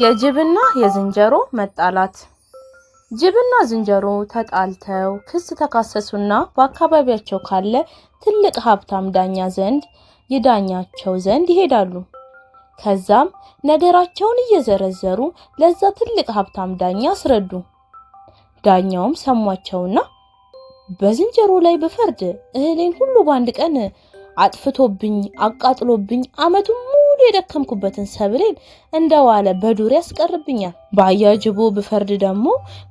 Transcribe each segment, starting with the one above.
የጅብና የዝንጀሮ መጣላት። ጅብና ዝንጀሮ ተጣልተው ክስ ተካሰሱና በአካባቢያቸው ካለ ትልቅ ሀብታም ዳኛ ዘንድ ይዳኛቸው ዘንድ ይሄዳሉ። ከዛም ነገራቸውን እየዘረዘሩ ለዛ ትልቅ ሀብታም ዳኛ አስረዱ። ዳኛውም ሰሟቸውና በዝንጀሮ ላይ ብፈርድ እህሌን ሁሉ በአንድ ቀን አጥፍቶብኝ አቃጥሎብኝ ዓመቱን የደከምኩበትን ሰብሌን እንደዋለ በዱር ያስቀርብኛል። በአህያ ጅቦ ብፈርድ ደግሞ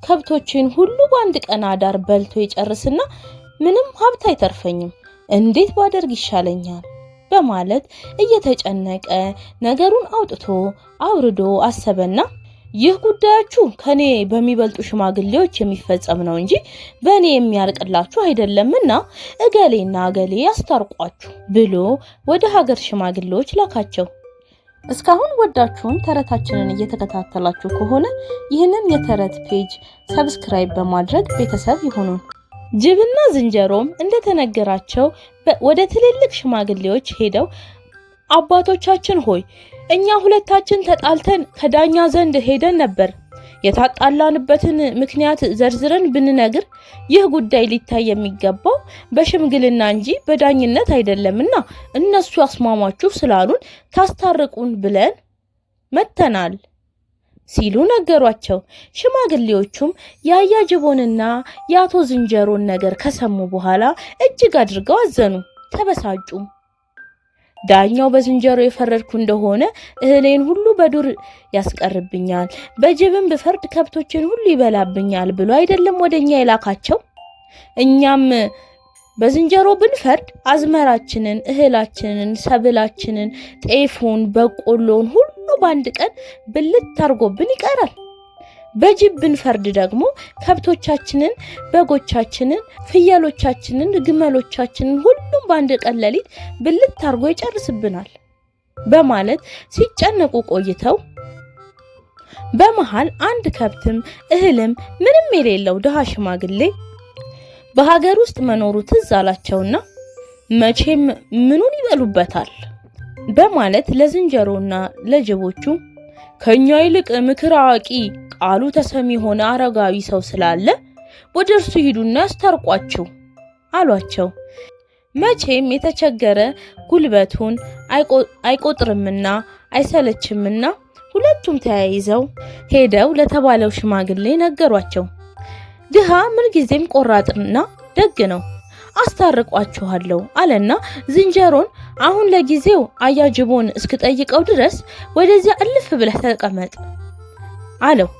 ከብቶችን ሁሉ በአንድ ቀን አዳር በልቶ ይጨርስና ምንም ሀብት አይተርፈኝም። እንዴት ባደርግ ይሻለኛል? በማለት እየተጨነቀ ነገሩን አውጥቶ አውርዶ አሰበና ይህ ጉዳያችሁ ከኔ በሚበልጡ ሽማግሌዎች የሚፈጸም ነው እንጂ በእኔ የሚያልቅላችሁ አይደለምና እገሌና እገሌ ያስታርቋችሁ ብሎ ወደ ሀገር ሽማግሌዎች ላካቸው። እስካሁን ወዳችሁን ተረታችንን እየተከታተላችሁ ከሆነ ይህንን የተረት ፔጅ ሰብስክራይብ በማድረግ ቤተሰብ ይሁኑን። ጅብና ዝንጀሮም እንደተነገራቸው ወደ ትልልቅ ሽማግሌዎች ሄደው አባቶቻችን ሆይ እኛ ሁለታችን ተጣልተን ከዳኛ ዘንድ ሄደን ነበር። የታጣላንበትን ምክንያት ዘርዝረን ብንነግር ይህ ጉዳይ ሊታይ የሚገባው። በሽምግልና እንጂ በዳኝነት አይደለምና እነሱ አስማማችሁ ስላሉን ታስታርቁን ብለን መተናል ሲሉ ነገሯቸው። ሽማግሌዎቹም የአያ ጅቦንና የአቶ ዝንጀሮን ነገር ከሰሙ በኋላ እጅግ አድርገው አዘኑ፣ ተበሳጩም። ዳኛው በዝንጀሮ የፈረድኩ እንደሆነ እህሌን ሁሉ በዱር ያስቀርብኛል፣ በጅብም ብፈርድ ከብቶችን ሁሉ ይበላብኛል ብሎ አይደለም ወደኛ ይላካቸው የላካቸው እኛም በዝንጀሮ ብንፈርድ አዝመራችንን፣ እህላችንን፣ ሰብላችንን፣ ጤፉን፣ በቆሎን ሁሉ በአንድ ቀን ብልት አድርጎብን ይቀራል። በጅብ ብንፈርድ ደግሞ ከብቶቻችንን፣ በጎቻችንን፣ ፍየሎቻችንን፣ ግመሎቻችንን ሁሉም በአንድ ቀን ሌሊት ብልት አርጎ ይጨርስብናል በማለት ሲጨነቁ ቆይተው በመሃል አንድ ከብትም እህልም ምንም የሌለው ድሃ ሽማግሌ በሀገር ውስጥ መኖሩ ትዝ አላቸውና መቼም ምኑን ይበሉበታል በማለት ለዝንጀሮና ለጅቦቹ ከኛ ይልቅ ምክር አዋቂ ቃሉ ተሰሚ የሆነ አረጋዊ ሰው ስላለ ወደ እርሱ ሂዱና አሏቸው። መቼም የተቸገረ ጉልበቱን አይቆጥርምና አይሰለችምና ሁለቱም ተያይዘው ሄደው ለተባለው ሽማግሌ ነገሯቸው። ድሃ ምንጊዜም ቆራጥና ደግ ነው። አስታርቋችኋለሁ አለና ዝንጀሮን አሁን ለጊዜው አያጅቦን እስክጠይቀው ድረስ ወደዚያ እልፍ ብለህ ተቀመጥ አለው።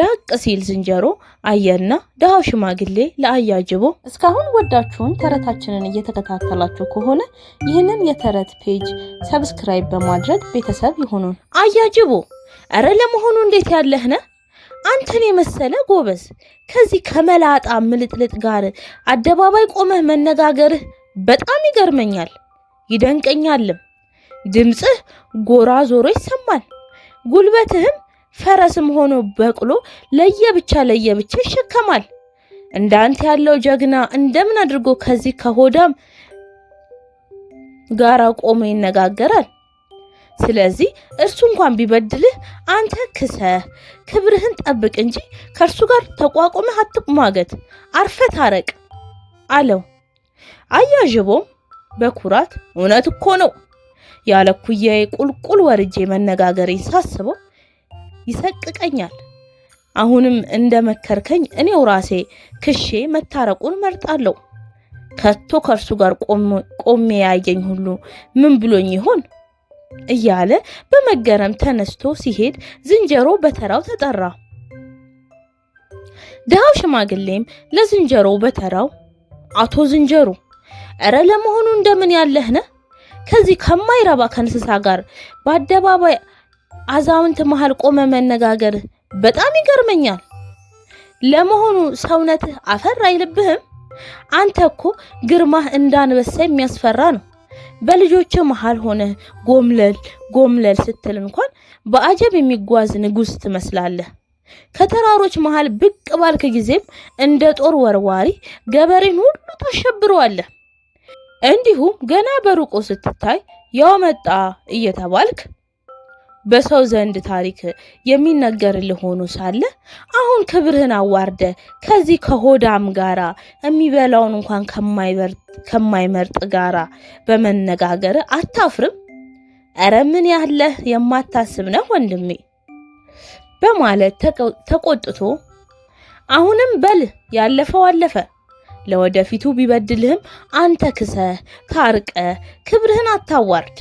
ራቅ ሲል ዝንጀሮ አየና ድሃው ሽማግሌ ለአያጅቦ እስካሁን ወዳችሁን ተረታችንን እየተከታተላችሁ ከሆነ ይህንን የተረት ፔጅ ሰብስክራይብ በማድረግ ቤተሰብ ይሁኑን። አያጅቦ እረ ለመሆኑ እንዴት ያለህ ነህ? አንተን የመሰለ ጎበዝ ከዚህ ከመላጣ ምልጥልጥ ጋር አደባባይ ቆመህ መነጋገርህ በጣም ይገርመኛል፣ ይደንቀኛልም። ድምፅህ ጎራ ዞሮ ይሰማል። ጉልበትህም ፈረስም ሆኖ በቅሎ ለየብቻ ለየብቻ ይሸከማል። እንዳንተ ያለው ጀግና እንደምን አድርጎ ከዚህ ከሆዳም ጋር ቆሞ ይነጋገራል? ስለዚህ እርሱ እንኳን ቢበድልህ አንተ ክሰህ ክብርህን ጠብቅ እንጂ ከእርሱ ጋር ተቋቁመህ አትሟገት፣ አርፈ ታረቅ አለው። አያዥቦም በኩራት እውነት እኮ ነው ያለ ኩያዬ ቁልቁል ወርጄ መነጋገሬን ሳስበው ይሰቅቀኛል። አሁንም እንደ መከርከኝ እኔው ራሴ ክሼ መታረቁን መርጣለሁ። ከቶ ከእርሱ ጋር ቆሜ ያየኝ ሁሉ ምን ብሎኝ ይሆን? እያለ በመገረም ተነስቶ ሲሄድ ዝንጀሮ በተራው ተጠራ። ድሃው ሽማግሌም ለዝንጀሮ በተራው አቶ ዝንጀሮ፣ እረ ለመሆኑ እንደምን ያለህነ ከዚህ ከማይረባ ከእንስሳ ጋር በአደባባይ አዛውንት መሃል ቆመ መነጋገር በጣም ይገርመኛል። ለመሆኑ ሰውነትህ አፈር አይልብህም? አንተ እኮ ግርማህ እንዳንበሳ የሚያስፈራ ነው። በልጆች መሃል ሆነ ጎምለል ጎምለል ስትል እንኳን በአጀብ የሚጓዝ ንጉስ ትመስላለህ። ከተራሮች መሃል ብቅ ባልክ ጊዜም እንደ ጦር ወርዋሪ ገበሬን ሁሉ ታሸብረዋለህ። እንዲሁም ገና በሩቁ ስትታይ ያው መጣ እየተባልክ በሰው ዘንድ ታሪክ የሚነገርልህ ሆኖ ሳለ አሁን ክብርህን አዋርደ ከዚህ ከሆዳም ጋራ የሚበላውን እንኳን ከማይመርጥ ጋራ በመነጋገር አታፍርም? እረ ምን ያለህ የማታስብ ነህ ወንድሜ በማለት ተቆጥቶ አሁንም በል ያለፈው አለፈ ለወደፊቱ ቢበድልህም አንተ ክሰህ ታርቀህ ክብርህን አታዋርድ።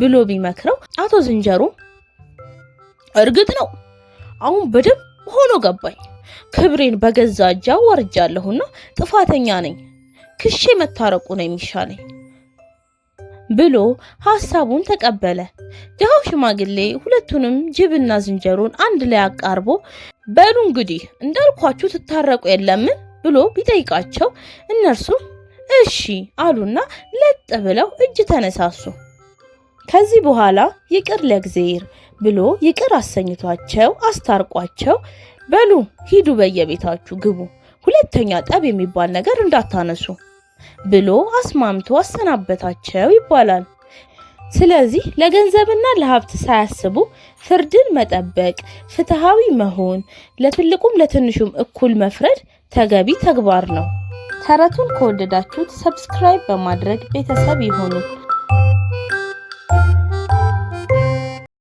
ብሎ ቢመክረው አቶ ዝንጀሮ እርግጥ ነው አሁን በደንብ ሆኖ ገባኝ፣ ክብሬን በገዛ እጄ አዋርጃለሁና ጥፋተኛ ነኝ፣ ክሼ መታረቁ ነው የሚሻለኝ ብሎ ሀሳቡን ተቀበለ። ድሃው ሽማግሌ ሁለቱንም ጅብና ዝንጀሮን አንድ ላይ አቃርቦ በሉ እንግዲህ እንዳልኳችሁ ትታረቁ የለምን ብሎ ቢጠይቃቸው እነርሱ እሺ አሉና ለጥ ብለው እጅ ተነሳሱ። ከዚህ በኋላ ይቅር ለእግዜር ብሎ ይቅር አሰኝቷቸው አስታርቋቸው፣ በሉ ሂዱ በየቤታችሁ ግቡ፣ ሁለተኛ ጠብ የሚባል ነገር እንዳታነሱ ብሎ አስማምቶ አሰናበታቸው ይባላል። ስለዚህ ለገንዘብና ለሀብት ሳያስቡ ፍርድን መጠበቅ፣ ፍትሃዊ መሆን፣ ለትልቁም ለትንሹም እኩል መፍረድ ተገቢ ተግባር ነው። ተረቱን ከወደዳችሁት ሰብስክራይብ በማድረግ ቤተሰብ ይሆኑት።